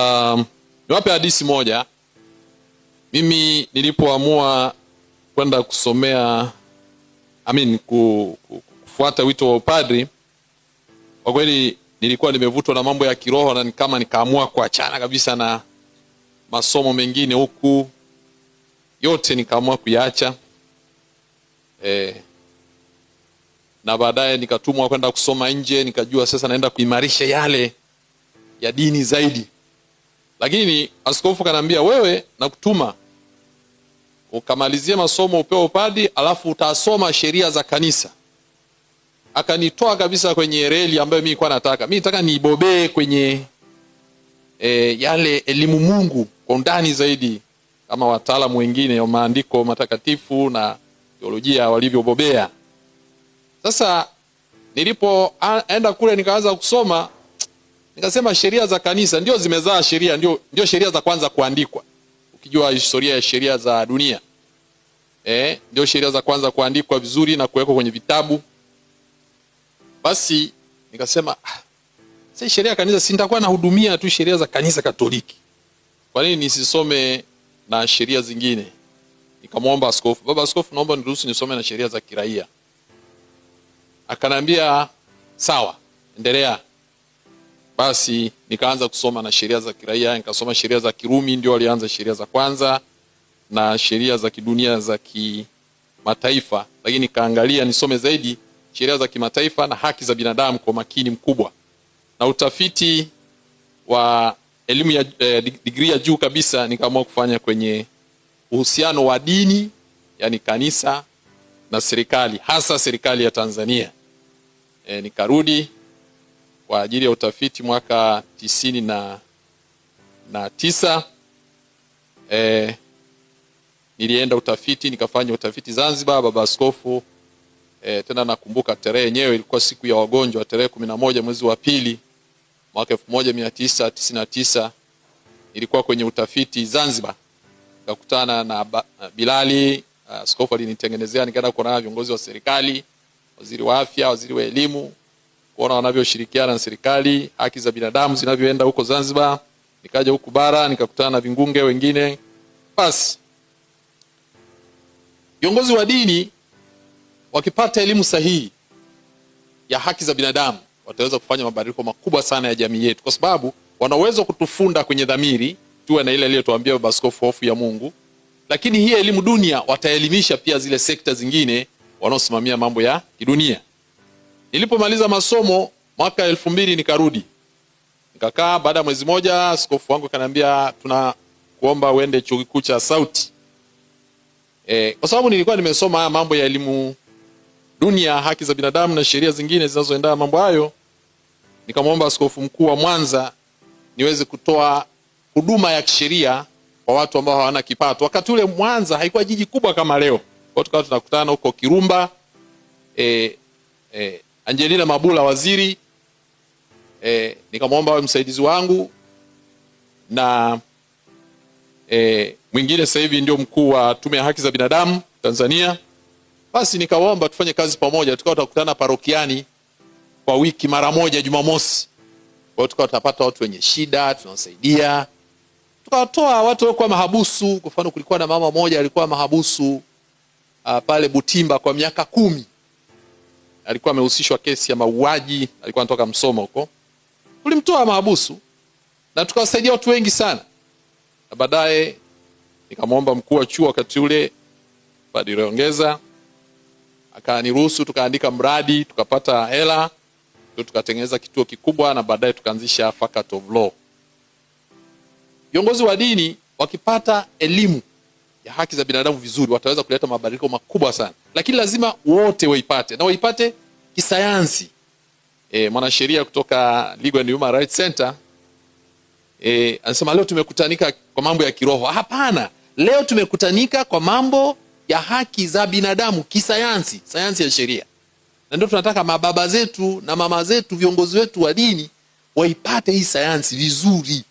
um, niwape hadisi moja. Mimi nilipoamua kwenda kusomea I mean, ku, ku, kufuata wito wa upadri, kwa kweli nilikuwa nimevutwa na mambo ya kiroho na kama nikaamua kuachana kabisa na masomo mengine huku yote nikaamua kuyaacha eh, na baadaye nikatumwa kwenda kusoma nje, nikajua sasa naenda kuimarisha yale ya dini zaidi. Lakini askofu kanaambia, wewe nakutuma ukamalizie masomo upewe upadi, alafu utasoma sheria za kanisa. Akanitoa kabisa kwenye reli ambayo mimi nilikuwa nataka. Mimi nataka nibobee kwenye e, yale elimu Mungu kwa undani zaidi kama wataalamu wengine wa maandiko matakatifu na teolojia walivyobobea. Sasa nilipoenda kule nikaanza kusoma Nikasema sheria za kanisa ndio zimezaa sheria, ndio, ndio sheria za kwanza kuandikwa ukijua historia ya sheria za dunia eh, ndio sheria za kwanza kuandikwa vizuri na kuwekwa kwenye vitabu. Basi nikasema ah, sasa sheria ya kanisa, si nitakuwa nahudumia tu sheria za kanisa Katoliki, kwa nini nisisome na sheria zingine? Nikamwomba askofu, baba askofu, naomba niruhusu nisome na sheria za kiraia. Akanambia sawa, endelea. Basi nikaanza kusoma na sheria za kiraia, nikasoma sheria za Kirumi, ndio alianza sheria za kwanza na sheria za kidunia za kimataifa, lakini nikaangalia nisome zaidi sheria za kimataifa na haki za binadamu kwa makini mkubwa, na utafiti wa elimu ya eh, digrii ya juu kabisa nikaamua kufanya kwenye uhusiano wa dini, yani kanisa na serikali, hasa serikali ya Tanzania. Eh, nikarudi kwa ajili ya utafiti mwaka tisini na, na tisa e, nilienda utafiti nikafanya utafiti Zanzibar, baba askofu e, tena nakumbuka tarehe yenyewe ilikuwa siku ya wagonjwa tarehe kumi na moja mwezi wa pili mwaka elfu moja mia tisa tisini na tisa kwenye utafiti Zanzibar nikakutana na Bilali askofu alinitengenezea, nikaenda kuonana na viongozi wa serikali, waziri wa afya, waziri wa elimu kuona wanavyoshirikiana na serikali, haki za binadamu zinavyoenda huko Zanzibar. Nikaja huku bara nikakutana na vingunge wengine. Basi viongozi wa dini wakipata elimu sahihi ya haki za binadamu wataweza kufanya mabadiliko makubwa sana ya jamii yetu, kwa sababu wana uwezo kutufunda kwenye dhamiri tuwe na ile aliyotuambia Baba Askofu, hofu ya Mungu. Lakini hii elimu dunia wataelimisha pia zile sekta zingine wanaosimamia mambo ya kidunia. Nilipomaliza masomo mwaka elfu mbili nikarudi nikakaa. Baada ya mwezi moja, askofu wangu kaniambia kuomba uende chuo kikuu cha Sauti e, kwa sababu nilikuwa nimesoma haya mambo ya elimu dunia, haki za binadamu na sheria zingine zinazoendana mambo hayo. Nikamwomba askofu mkuu wa Mwanza niweze kutoa huduma ya kisheria kwa watu ambao hawana kipato. Wakati ule Mwanza haikuwa jiji kubwa kama leo, kwa tukawa tunakutana huko Kirumba e, e, Angelina Mabula waziri e, nikamwomba awe msaidizi wangu na e, mwingine sasa hivi ndio mkuu wa Tume ya Haki za Binadamu Tanzania. Basi nikawaomba tufanye kazi pamoja, tukawa tutakutana parokiani kwa wiki mara moja Jumamosi. Kwa hiyo tukawa tunapata watu wenye shida tunawasaidia, tukawatoa watu kwa mahabusu. Kwa mfano, kulikuwa na mama moja alikuwa mahabusu a, pale Butimba kwa miaka kumi alikuwa amehusishwa kesi ya mauaji, alikuwa anatoka Msoma huko, tulimtoa mahabusu na tukawasaidia watu wengi sana, na baadaye nikamwomba mkuu wa chuo wakati ule Padri Rweyongeza akaniruhusu, tukaandika mradi, tukapata hela, ndio tukatengeneza kituo kikubwa, na baadaye tukaanzisha Faculty of Law. Viongozi wa dini wakipata elimu ya haki za binadamu vizuri, wataweza kuleta mabadiliko makubwa sana, lakini lazima wote waipate na waipate kisayansi. E, mwanasheria kutoka Legal and Human Rights Center e, anasema leo tumekutanika kwa mambo ya kiroho. Hapana, leo tumekutanika kwa mambo ya haki za binadamu kisayansi, sayansi ya sheria, na ndio tunataka mababa zetu na mama zetu, viongozi wetu wa dini waipate hii sayansi vizuri.